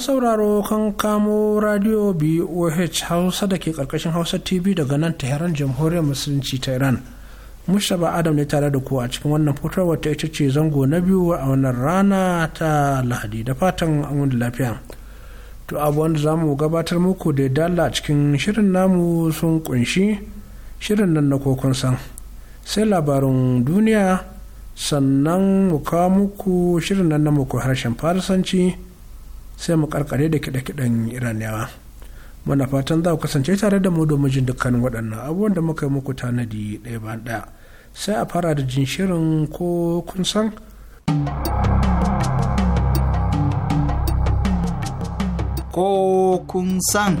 sauraro kan kamo radio boh hausa da ke karkashin hausa tv daga nan tehran jamhuriyar musulunci ta iran mushaba adam ne tare da ku a cikin wannan fitarwar ta ita ce zango na biyu a wannan rana ta lahadi da fatan an lafiya to abuwan da za mu gabatar muku da dala a cikin shirin namu sun kunshi shirin nan na kokon sai labarin duniya sannan mu kawo muku shirin nan na muku harshen farisanci sai mu karkare da kiɗe-kiɗen iraniyawa muna fatan za ku kasance tare da mu domin jin dukkanin waɗannan abubuwan da muka yi muku tanadi ɗaya bayan ɗaya sai a fara da jin shirin ko kun san ko kun san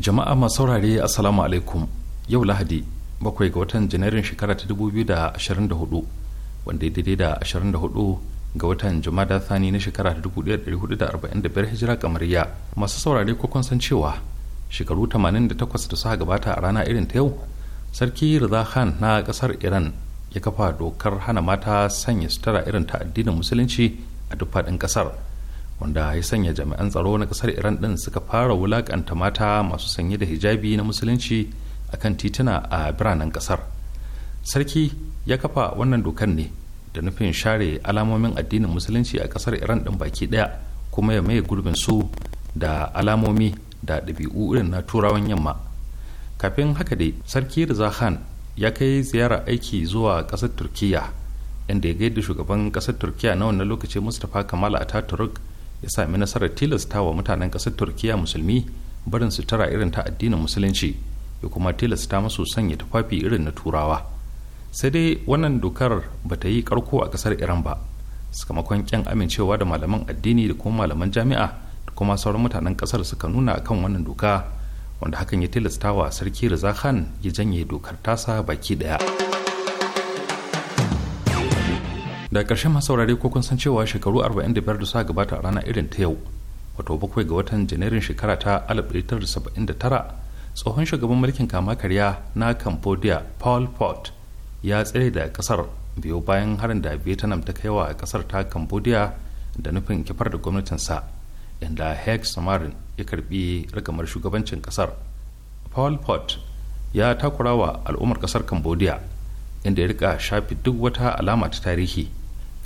jama'a masu saurare assalamu alaikum yau lahadi bakwai ga watan janairun shekara ta 2024 wanda ya daidai da 24 ga watan jumada thani na shekara ta 1445 hijira kamariya masu saurare ko kun san cewa shekaru 88 da suka gabata a rana irin ta yau sarki Rida Khan na kasar Iran ya kafa dokar hana mata sanya sutura irin ta addinin musulunci a duk faɗin kasar wanda ya sanya jami'an tsaro na kasar Iran din suka fara wulakanta mata masu sanye da hijabi na musulunci akan tituna a biranen kasar. sarki ya kafa wannan dokan ne da nufin share alamomin addinin musulunci a kasar iran din baki daya kuma ya maye gurbin su da alamomi da ɗabi'u irin na turawan yamma kafin haka dai sarki Riza khan ya kai ziyara aiki zuwa kasar turkiya inda ya gaida shugaban ƙasar turkiya na wannan lokaci mustapha kamal ataturk ya sami nasarar tilasta wa mutanen ƙasar turkiya musulmi barin sutura irin ta addinin musulunci ya kuma tilasta masu sanya tufafi irin na turawa sai dai wannan dokar ba ta yi karko a kasar iran ba sakamakon kyan amincewa da malaman addini da kuma malaman jami'a da kuma sauran mutanen kasar suka nuna kan wannan doka wanda hakan ya tilasta wa sarki Reza Khan ya janye dokar tasa baki daya. Da ƙarshen saurari ko kun san cewa shekaru 45 da suka gabata a rana irin ta yau, wato bakwai ga watan Janairun shekara ta 1979, tsohon shugaban mulkin kama karya na Cambodia Paul Pot ya tsere da kasar biyo bayan harin da vietnam ta kai wa kasar ta cambodia da nufin kifar da gwamnatinsa inda hex samarin ya karbi rigamar shugabancin kasar paul pot ya takura wa al'ummar kasar cambodia inda ya rika shafi duk wata alama ta tarihi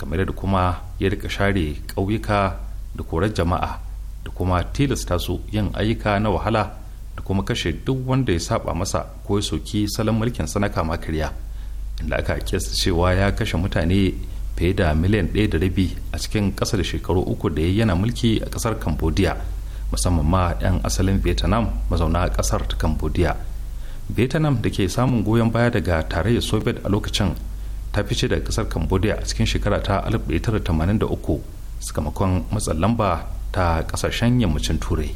kamar da kuma ya rika share ƙauyuka da korar jama'a da kuma tilasta su yin ayyuka na wahala da kuma kashe duk wanda ya saba masa ko ya soki salon mulkin sana kama karya da aka kiyasta cewa ya kashe mutane fiye da miliyan ɗaya da rabi a cikin ƙasa da shekaru uku da ya yana mulki a ƙasar cambodia musamman ma 'yan asalin vietnam mazauna ƙasar ta cambodia vietnam da ke samun goyon baya daga tarayyar soviet a lokacin ta fice da ƙasar cambodia a cikin shekara ta 1983 sakamakon matsin lamba ta ƙasashen yammacin turai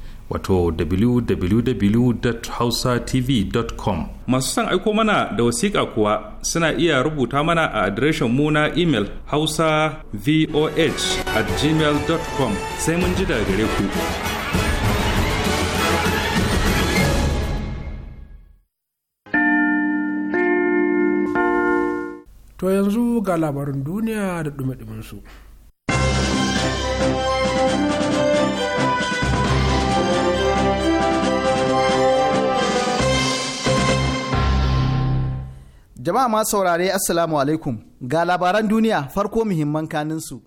wato www.hausatv.com masu son aiko mana da wasiƙa kuwa suna iya rubuta mana a adireshin mu na imel hausa voh at gmail.com sai mun ji daga gare ku to yanzu ga labarin duniya da dumi su. Jama'a ma saurare Assalamu alaikum ga labaran duniya farko muhimman kaninsu.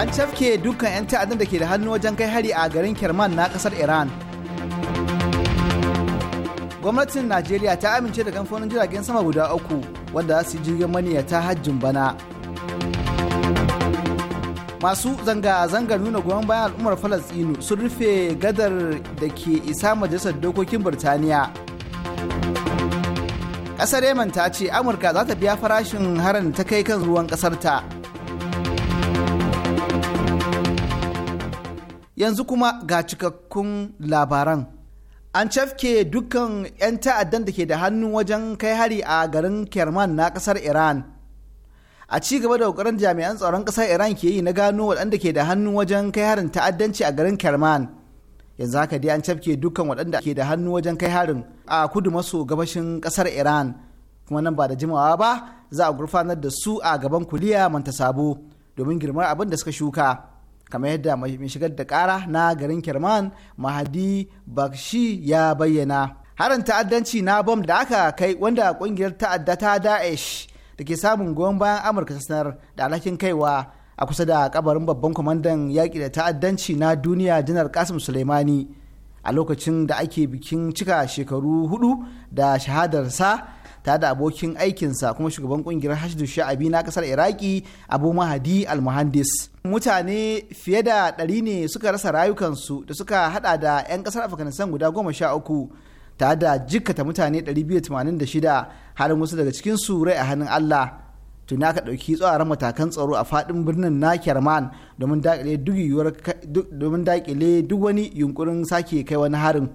An cafke dukkan 'yan ta'addan da ke da hannu wajen kai hari a garin Kerman na kasar Iran. Gwamnatin Najeriya ta amince da kamfanin jiragen sama guda uku wanda za su yi jirgin ta hajjin bana. masu zanga-zangar nuna goyon bayan al'ummar falastinu sun rufe gadar da ke isa majalisar dokokin birtaniya Ƙasar yemen ta ce amurka za ta biya farashin harin ta kai kan ruwan ƙasarta. yanzu kuma ga cikakkun labaran an cafke dukkan 'yan ta'addan da ke da hannu wajen kai hari a garin kerman na ƙasar iran a ci gaba da kokarin jami'an tsaron ƙasar iran ke yi na gano waɗanda ke da hannu wajen kai harin ta'addanci a garin kerman yanzu haka dai an cafke dukkan waɗanda ke da hannu wajen kai harin a kudu maso gabashin kasar iran kuma nan ba da jimawa ba za a gurfanar da su a gaban kuliya manta sabo domin girmar abin da suka shuka kamar yadda mai shigar da ƙara na garin kerman mahadi bakshi ya bayyana harin ta'addanci na bom da aka kai wanda kungiyar ta'adda ta daesh da ke samun goyon bayan amurka ta sanar da alhakin kaiwa a kusa da kabarin babban kwamandan yaƙi da ta'addanci na duniya janar kasim suleimani a lokacin da ake bikin cika shekaru hudu da shahadarsa ta da abokin aikinsa kuma shugaban kungiyar hashidu sha'abi na kasar iraki abu mahadi almuhandis mutane fiye da ɗari ne suka rasa rayukansu da suka hada da 'yan kasar afghanistan guda goma sha uku ta da jikkata mutane 286 harin wasu daga cikin su a hannun Allah tuni aka ɗauki tsoron matakan tsaro a faɗin birnin na Kerman domin dakile duk wani yunkurin sake kai wani harin.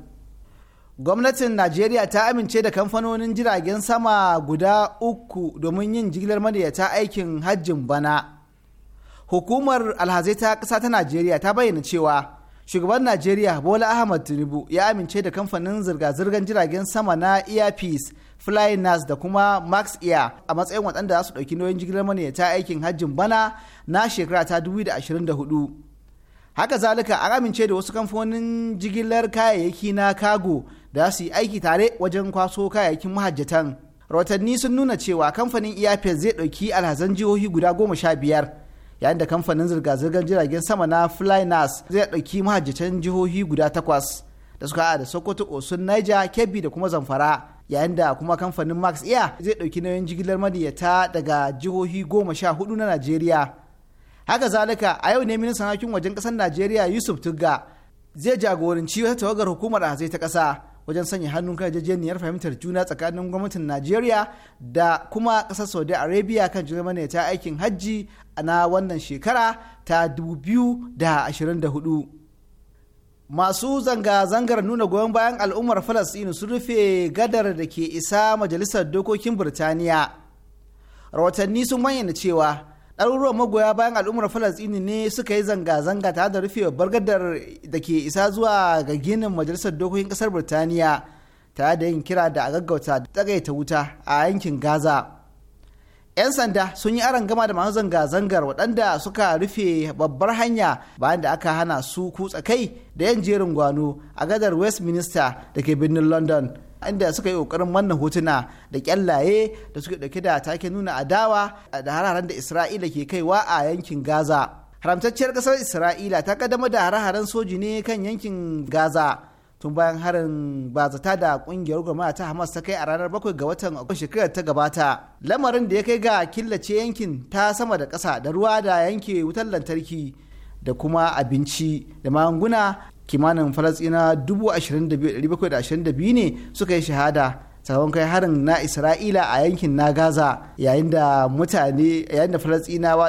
Gwamnatin Najeriya ta amince da kamfanonin jiragen sama guda uku domin yin jigilar madayata aikin hajjin bana. Hukumar alhazai ta ƙasa ta Najeriya ta bayyana cewa shugaban najeriya bola ahmad tinubu ya amince da kamfanin zirga-zirgar jiragen sama na flying nas da kuma max air a matsayin waɗanda za su ɗauki nauyin jigilar ta aikin hajjin bana na shekara ta 2024 haka zalika an amince da wasu kamfanin jigilar kayayyaki na kago da su yi aiki tare wajen kwaso kayayyakin mahajjatan rahotanni sun nuna cewa kamfanin earpiece zai ɗauki alhazan jihohi guda goma sha biyar yayin da kamfanin zirga-zirgar jiragen sama na flynas zai ɗauki mahajjatan jihohi guda takwas da suka da sokoto osun niger kebbi da kuma zamfara yayin da kuma kamfanin max air zai ɗauki nauyin jigilar madiyata daga jihohi goma sha hudu na najeriya haka zalika a yau ne ministan harkokin wajen ƙasar najeriya yusuf tugga zai jagoranci wata tawagar hukumar a ta ƙasa wajen sanya hannun kan yarjejeniyar fahimtar juna tsakanin gwamnatin najeriya da kuma ƙasar saudi arabia kan jirgin ta aikin hajji na wannan shekara ta 2024 masu zanga-zangar nuna goyon bayan al'ummar falasɗinu sun rufe gadar da ke isa majalisar dokokin birtaniya rahotanni sun bayyana cewa ɗaruruwan magoya bayan al'ummar falastini ne suka yi zanga-zanga tare da rufe babbar gadar da ke isa zuwa ga ginin majalisar dokokin ƙasar birtaniya tare da yin kira da a gaggauta tsagaita wuta a yankin gaza 'yan sanda sun yi aron gama da masu zanga-zangar waɗanda suka rufe babbar hanya bayan da aka hana su kutsa kai da yan jerin gwano a gadar westminster da ke birnin london inda suka yi kokarin manna hotuna da kyallaye da suke dauke da take nuna adawa da hararen da isra'ila ke kaiwa a yankin gaza haramtacciyar kasar isra'ila ta kaddamar da hare-haren soji ne kan yankin gaza tun bayan harin bazata da kungiyar gwamnati ta hamas ta kai a ranar bakwai ga watan akwai shekarar ta gabata lamarin da ya kai ga killace yankin ta sama da ƙasa da ruwa da yanke wutar lantarki da kuma abinci da magunguna kimanin falasina 22,722 ne suka yi shahada sabon kai harin na isra'ila a yankin na gaza yayin da mutane yayin da falasinawa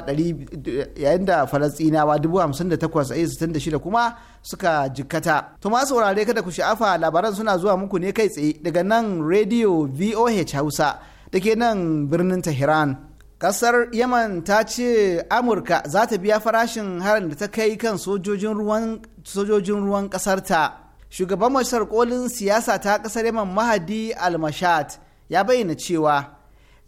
yayin da falasinawa 58,66 kuma suka jikkata to masu wurare kada ku sha'afa labaran suna zuwa muku ne kai tsaye daga nan radio voh hausa da ke nan birnin tehran kasar yaman ta ce amurka za ta biya farashin harin da ta kai kan sojojin ruwan kasar ta shugaban masar kolin siyasa ta kasar yaman mahadi almashat ya bayyana cewa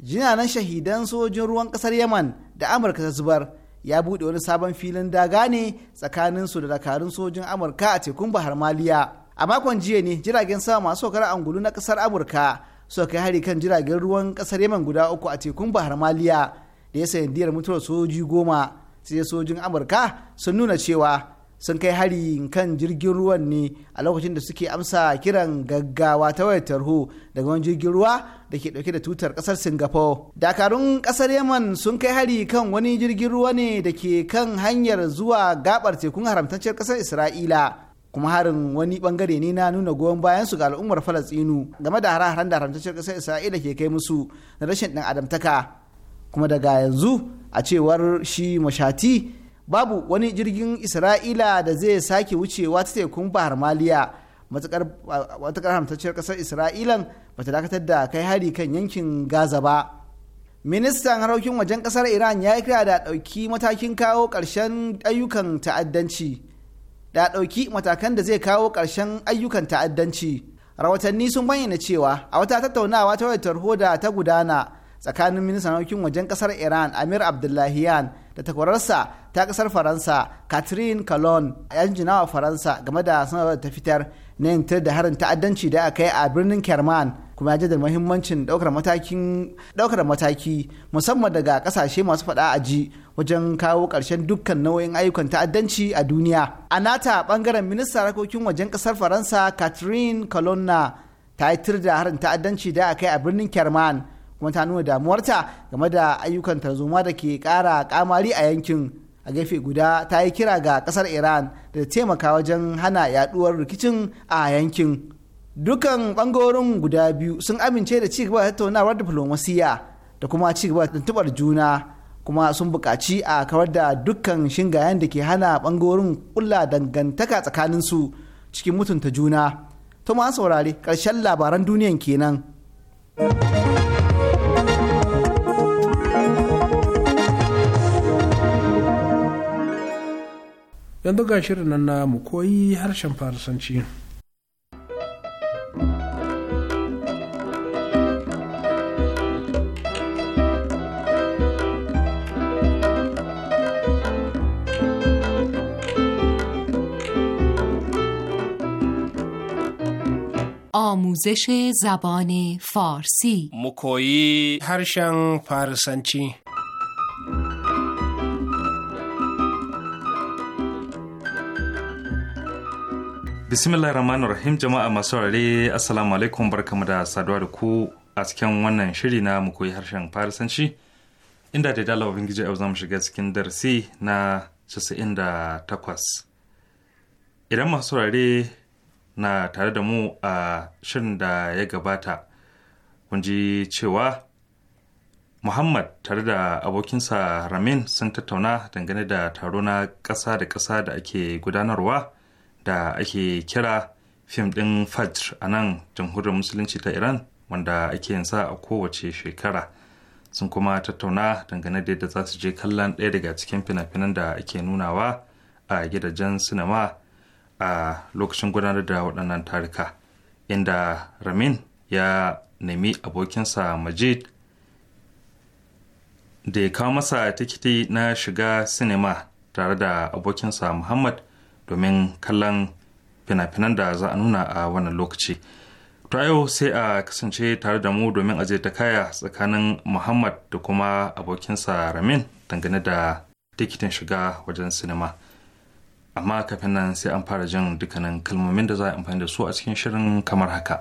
jinanan shahidan sojojin ruwan kasar yaman da amurka ta zubar ya buɗe wani sabon filin daga ne tsakanin su da dakarun sojin amurka a tekun bahar maliya a makon jiya ne jiragen sama masu saukar angulu na kasar amurka suka kai hari kan jiragen ruwan kasar yaman guda uku a tekun bahar maliya da ya sanadiyar mutuwar sojoji goma sai sojin amurka sun nuna cewa sun kai hari kan jirgin ruwan ne a lokacin da suke amsa kiran gaggawa ta wayar tarho daga wani jirgin ruwa da ke dauke da tutar kasar singapore dakarun kasar yaman sun kai hari kan wani jirgin ruwa ne da ke kan hanyar zuwa gabar tekun haramtacciyar kasar isra'ila kuma harin wani bangare ne na nuna goyon bayan su ga al'ummar falastinu game da hare-haren da haramtacciyar ƙasar isra'ila ke kai musu na rashin ɗan adamtaka kuma daga yanzu a cewar shi mashati babu wani jirgin isra'ila da zai sake wucewa ta tekun bahar maliya matakar haramtacciyar ƙasar isra'ilan ba ta dakatar da kai hari kan yankin gaza ba ministan harkokin wajen ƙasar iran ya yi kira da ɗauki matakin kawo ƙarshen ayyukan ta'addanci da ɗauki matakan da zai kawo ƙarshen ayyukan ta'addanci. Rawatanni sun bayyana cewa a wata tattaunawa ta wayar tarho da ta gudana tsakanin ministan harkokin wajen ƙasar Iran Amir Abdullahian da takwararsa ta ƙasar Faransa Catherine Colon a yan jinawa Faransa game da sanarwar ta fitar na yin da harin ta'addanci da aka yi a birnin Kerman. kuma ya jaddada muhimmancin daukar matakin daukar mataki musamman daga kasashe masu fada a ji wajen kawo ƙarshen dukkan nau'in ayyukan ta'addanci a duniya a nata bangaren ministan harkokin wajen kasar faransa catherine colonna ta yi da harin ta'addanci da aka yi a birnin kerman kuma ta nuna damuwarta game da ayyukan tarzoma da ke kara kamari a yankin a gefe guda ta yi kira ga kasar iran da taimaka wajen hana yaduwar rikicin a yankin dukan bangorin guda biyu sun amince da ci gaba da tattaunawar diflomasiya da kuma ci gaba da tuntubar juna kuma sun buƙaci a kawar da dukkan shingayen da ke hana bangorin kulla dangantaka tsakanin su cikin mutunta juna to ma saurare karshen labaran duniyan kenan. yanzu ga shirin nan na mu koyi harshen farisanci. آموزش زبان فارسی مکویی هرشن فارسنچی bismillah rahman rahim jama'a masu saurare assalamu alaikum barkamu da saduwa da ku a wannan shiri na mu koyi harshen farisanci inda da dalawa ubangiji yau zamu shiga cikin darasi na 98 idan masu saurare na tare da mu a shirin da ya gabata kun ji cewa muhammad tare da abokinsa ramin sun tattauna dangane da taro na ƙasa da ƙasa da ake gudanarwa da ake kira fim ɗin fajr a nan jamhuriyar musulunci ta iran wanda ake yin sa a kowace shekara sun kuma tattauna dangane da yadda za su je kallon ɗaya daga cikin fina-finan da ake nunawa a gidajen sinima a lokacin gudanar da waɗannan tarika inda ramin ya nemi abokinsa majid da ya kawo masa tikiti na shiga sinima tare da abokinsa muhammad domin kallon fina-finan da za a nuna a wannan lokaci ta yau sai a kasance tare da mu domin aje ta kaya tsakanin muhammad da kuma abokinsa ramin dangane da tikitin shiga wajen sinima. amma kafin nan sai an fara jin dukkanin kalmomin da za a amfani da su a cikin shirin kamar haka.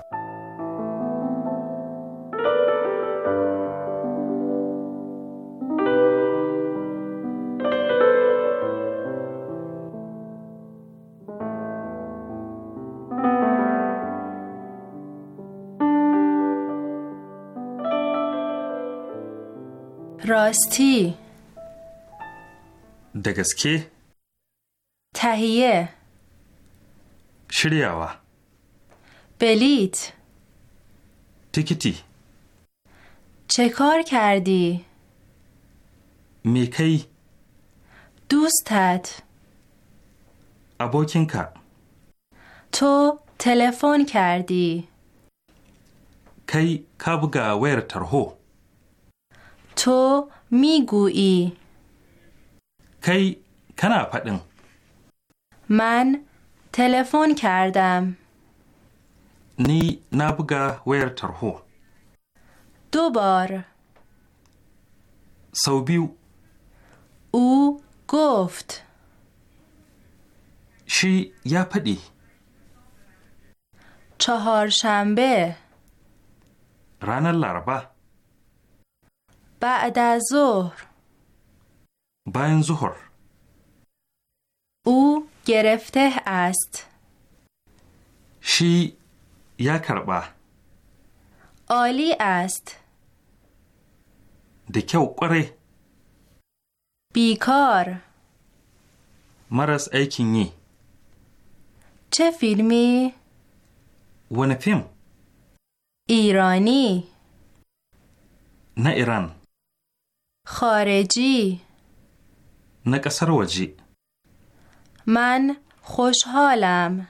راستی da gaske تهیه شریعه بلیت تیکتی چه کار کردی؟ میکی دوستت ابوکینکا تو تلفن کردی کی کبگا ویرتر ترهو تو میگویی کی کنا پدن من تلفن کردم نی نبگه ویر ترهو دو بار سوبیو او گفت شی یا پدی چهارشنبه ران لربه بعد از ظهر بین ظهر او گرفته است شی یا کربا عالی است دکه قره بیکار مرس ایکینی چه فیلمی؟ ون فیلم ایرانی نه ایران خارجی نه کسر وجی من خوشحالم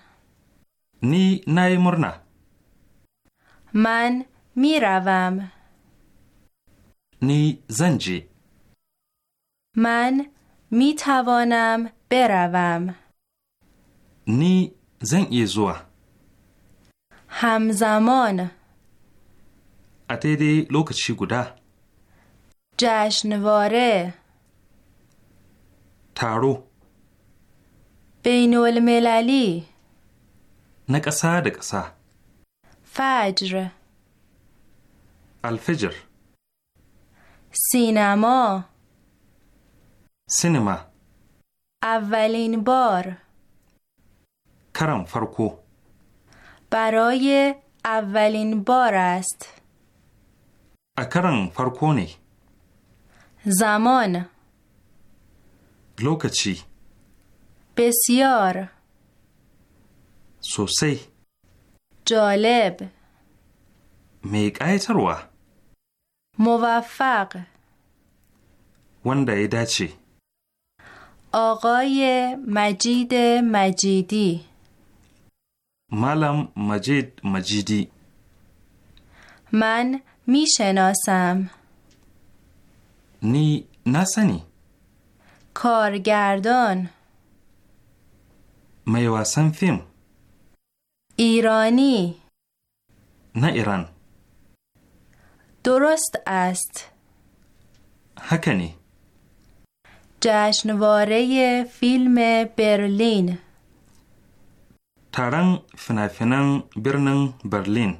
نی نای مرنا من میروم نی زنجی من میتوانم بروم نی زن زوا همزمان اتیدی لوکچی گودا جشنواره تارو بین المللی نقصه ƙasa فجر الفجر سینما سینما اولین بار کرم فرکو برای اولین بار است اکرم فرکونی زمان لوکچی بسیار سوسی جالب میگایتروا موفق ونده داچی آقای مجید مجیدی مالم مجید مجیدی من میشناسم نی نسنی کارگردان می واسن فیلم ایرانی نه ایران درست است هکنی جشنواره فیلم برلین ترن فنافنان برنن برلین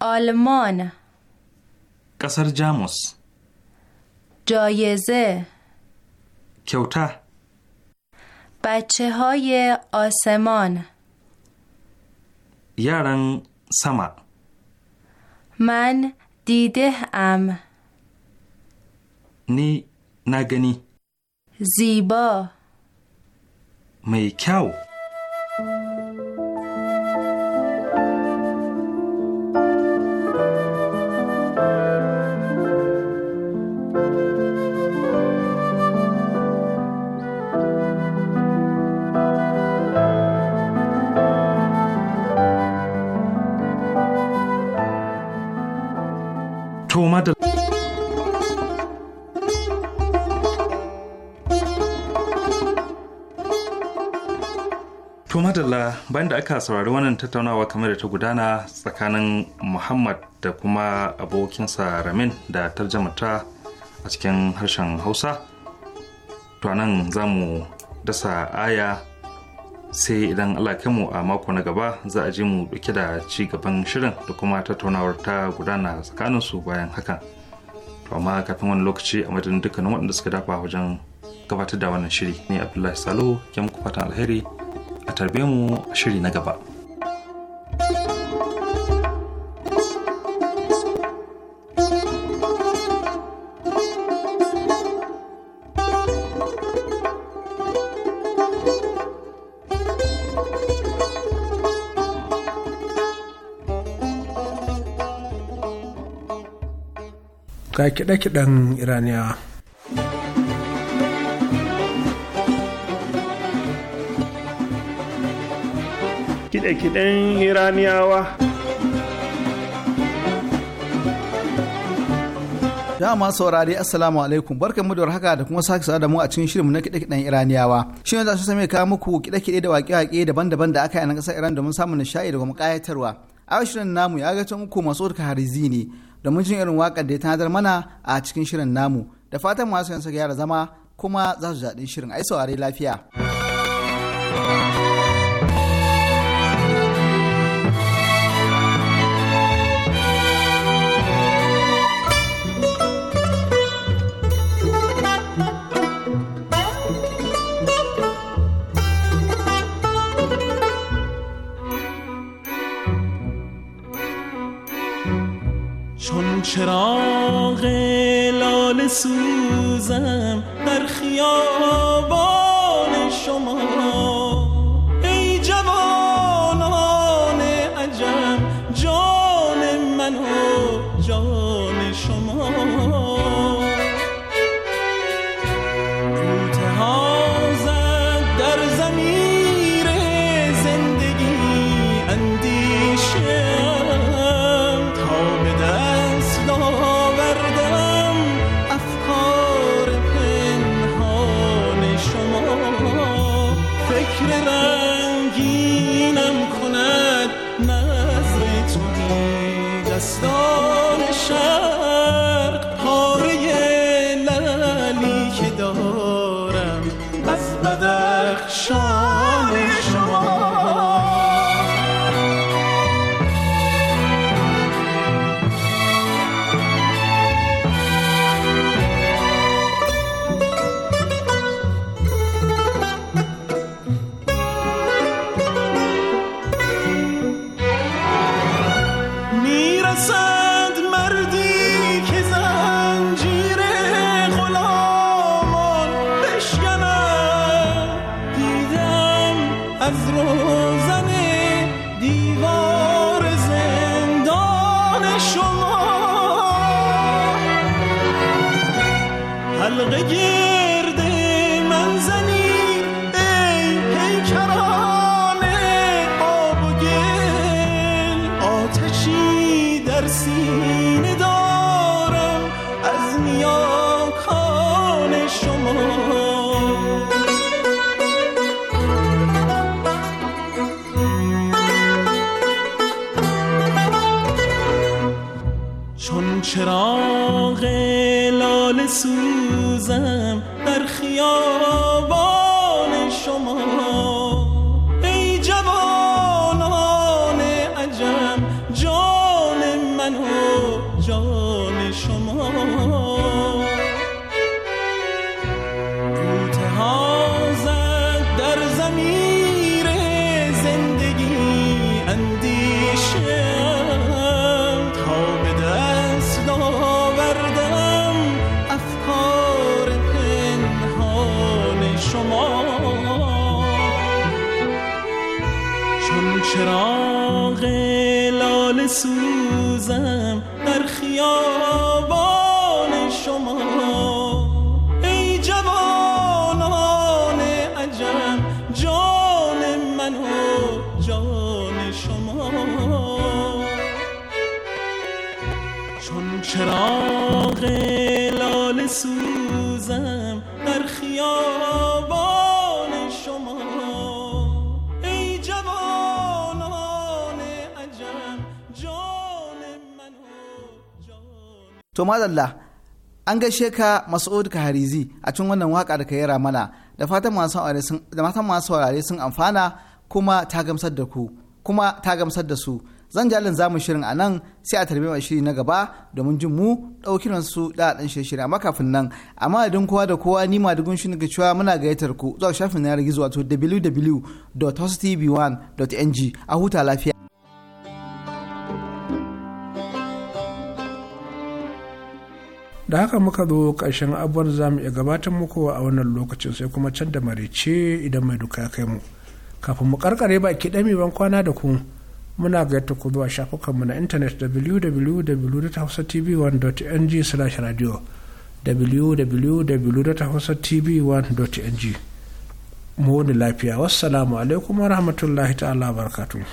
آلمان قصر جاموس جایزه کیوته. بچه های آسمان یارن سما من دیده ام نی نگنی زیبا میکاو bayan da aka saurari wannan tattaunawa kamar da ta gudana tsakanin muhammad da kuma abokinsa ramin da tarjamata a cikin harshen hausa to nan za mu dasa aya sai idan mu a mako na gaba za a je mu dauke da ci gaban shirin da kuma tattaunawar ta gudana tsakanin su bayan hakan to amma kafin wani lokaci a madadin dukkanin waɗanda suka dafa wajen gabatar da wannan shiri ne abdullahi salo ke muku fatan alheri a tarbe mu shiri na gaba. ga kiɗe iraniya kiɗe-kiɗen iraniyawa dama saurari assalamu alaikum barkan mu da warhaka da kuma sake da mu a cikin shirinmu na kiɗe-kiɗen iraniyawa shi za su same kawo muku kiɗe-kiɗe da waƙe-waƙe daban-daban da aka yi a ƙasar iran domin samun nishaɗi da kuma ƙayatarwa a shirin namu ya gaci muku masu ka harizi ne domin jin irin waƙar da ya tanadar mana a cikin shirin namu da fatan masu yansa gyara zama kuma za su jaɗin shirin ai saurari lafiya. چراغ لال سوزم در خیابان شما چراغ لال سوزم در خیال بسوزم در خیابان شما ای جوانان عجم جان من و جان تو مدالله an gaishe ka Mas'ud Kaharizi a cikin wannan waka da ka yi ramana da fatan masu saurare sun amfana kuma ta gamsar da ku kuma ta gamsar da su zan jalin zamu shirin a nan sai a tarbi mai shiri na gaba domin jin mu ɗaukin wasu ɗaɗan shirye amma kafin nan amma idan kowa da kowa ni ma dugun shirin cewa muna gayyatar ku zuwa shafin yanar gizo wato www.hostv1.ng a huta lafiya. da haka muka zo ƙarshen abubuwan za mu iya gabatar muku a wannan lokacin sai kuma can da marece idan mai duka kai mu kafin mu karkare ba baki ɗami ban kwana da ku muna gayyata ku zuwa shafukanmu na intanet www.hausatv1.ng slash radio www.hausatv1.ng mu wani lafiya wassalamu alaikum wa rahmatullahi ta'ala barakatuhu